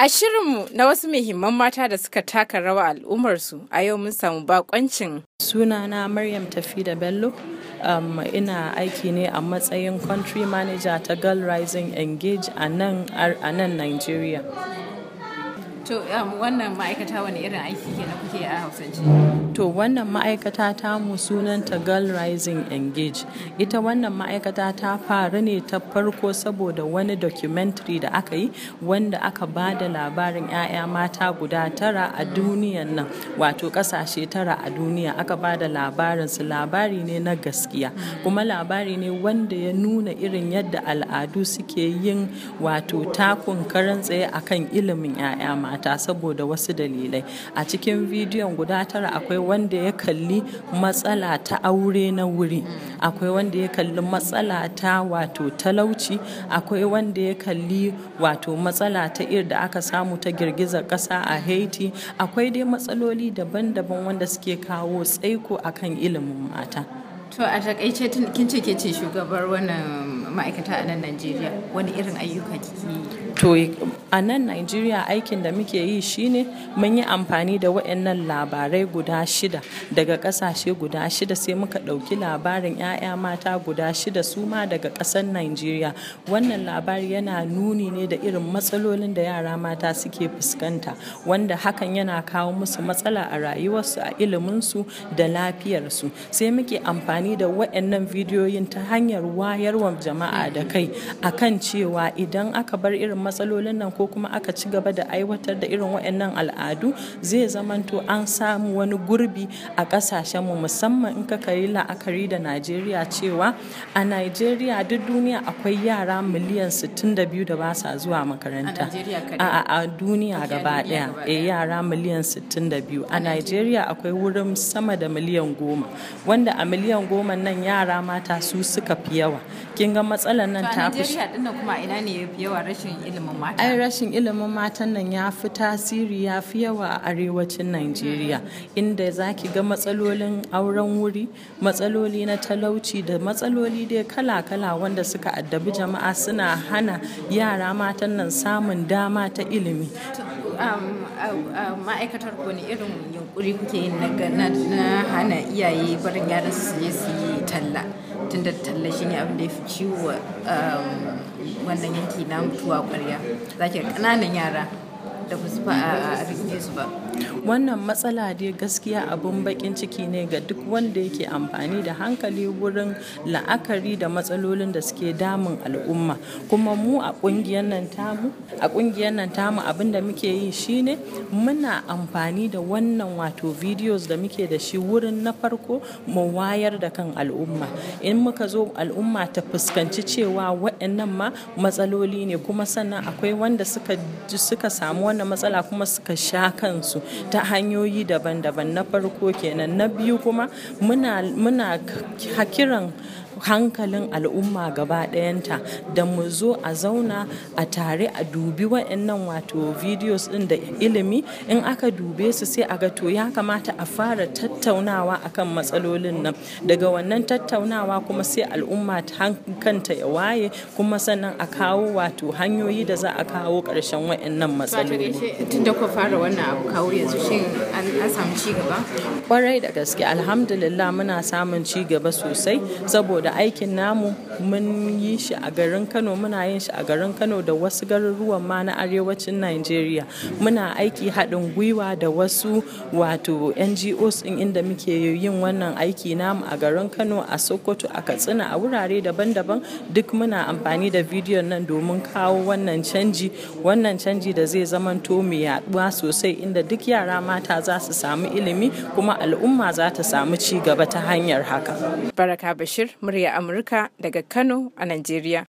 A shirinmu na wasu muhimman mata da suka taka rawa al'ummarsu a yau mun samu bakoncin. Sunana Maryam Tafi da Bello. Um, ina aiki ne a matsayin country manager ta Girl Rising Engage a nan Nigeria. To um, wannan ma'aikata wani irin aiki ke na kuke a Hausance? To wannan ma'aikata ta mu sunanta Girl Rising Engage. Ita wannan ma'aikata ta faru ne ta farko saboda wani documentary da aka yi wanda aka ba da labarin 'ya'ya mata guda tara a duniyan nan wato kasashe tara a duniya aka ba da labarin su labari ne na gaskiya kuma labari ne wanda ya nuna irin yadda al'adu suke yin wato takun karan tsaye akan ilimin 'ya'ya mata. mata saboda wasu dalilai a cikin bidiyon guda tara akwai wanda ya kalli matsala ta aure na wuri akwai wanda ya kalli matsala ta wato talauci akwai wanda ya kalli wato matsala ta ir da aka samu ta girgizar ƙasa a haiti akwai dai matsaloli daban-daban wanda suke kawo tsaiko akan ilimin mata to a takaice kin ce ke ce shugabar wannan ma'aikata a nan najeriya wani irin ayyuka kike To a nan Najeriya aikin da muke yi shine mun yi amfani da waɗannan labarai guda shida daga ƙasashe guda shida sai muka ɗauki labarin 'ya'ya mata guda shida su ma daga ƙasar Najeriya. Wannan labari yana nuni ne da irin matsalolin da yara mata suke fuskanta wanda hakan yana kawo musu matsala a rayuwarsu a iliminsu da lafiyarsu. Sai muke amfani da waɗannan bidiyoyin ta hanyar wayarwa jama'a da kai akan cewa idan aka bar irin matsalolin nan ko kuma aka ci gaba da aiwatar da irin waɗannan al'adu zai zamanto an samu wani gurbi a ƙasashenmu musamman in ka kari la'akari da Najeriya cewa a Najeriya duk duniya akwai yara miliyan 62 da ba sa zuwa makaranta a duniya gaba eh, ɗaya yara miliyan 62 a Najeriya akwai wurin sama da miliyan goma wanda a miliyan goma nan yara mata su suka fi yawa kin ga matsalar nan ta fi kuma ina ne yawa rashin ilimin mata ai rashin ilimin matan nan ya fi tasiri ya fi yawa a arewacin Najeriya inda za ki ga matsalolin auren wuri matsaloli na talauci da matsaloli dai kala-kala wanda suka addabi jama'a suna hana yara matan nan samun dama ta ilimi ma'aikatar ku wani irin yunkuri kuke yin na hana iyaye barin yaran su je su yi talla tunda talla shi ne abin da ya fi ciwo wannan yanki na mutuwa kwarya za ki ƙananan yara da ba a su ba wannan matsala dai gaskiya abin bakin ciki ne ga duk wanda yake amfani da hankali wurin la'akari da matsalolin da suke damun al'umma kuma mu a ƙungiyar nan tamu a ƙungiyar nan tamu abin da muke yi shine muna amfani da wannan wato videos da muke da shi wurin na farko mu wayar da kan al'umma in muka zo al'umma ta fuskanci cewa waɗannan ma matsaloli ne kuma sannan akwai wanda suka suka samu wannan matsala kuma suka sha kansu ta hanyoyi daban-daban na farko kenan na biyu kuma muna muna hankalin al'umma gaba ɗayanta da mu zo a zauna a tare a dubi wa'annan wato videos ɗin da ilimi in aka dube su sai a ga to ya kamata a fara tattaunawa akan matsalolin nan daga wannan tattaunawa kuma sai al'umma hankanta ya waye kuma sannan a kawo wato hanyoyi da za a kawo ƙarshen wa'annan matsaloli tun da ku fara wannan abu yanzu shin an ci gaba kwarai da gaske alhamdulillah muna samun ci gaba sosai saboda da aikin namu mun yi shi a garin Kano muna yin shi a garin Kano da wasu garuruwan ma na arewacin nigeria muna aiki haɗin gwiwa da wasu wato NGOs in inda muke yin wannan aiki namu a garin Kano a Sokoto a Katsina a wurare daban-daban duk muna amfani da bidiyon nan domin kawo wannan canji wannan canji da zai zamanto mai yaɗuwa sosai inda duk yara mata za su samu ilimi kuma al'umma za ta samu ci gaba ta hanyar haka. Baraka Bashir murya Amurka daga Kano a Najeriya.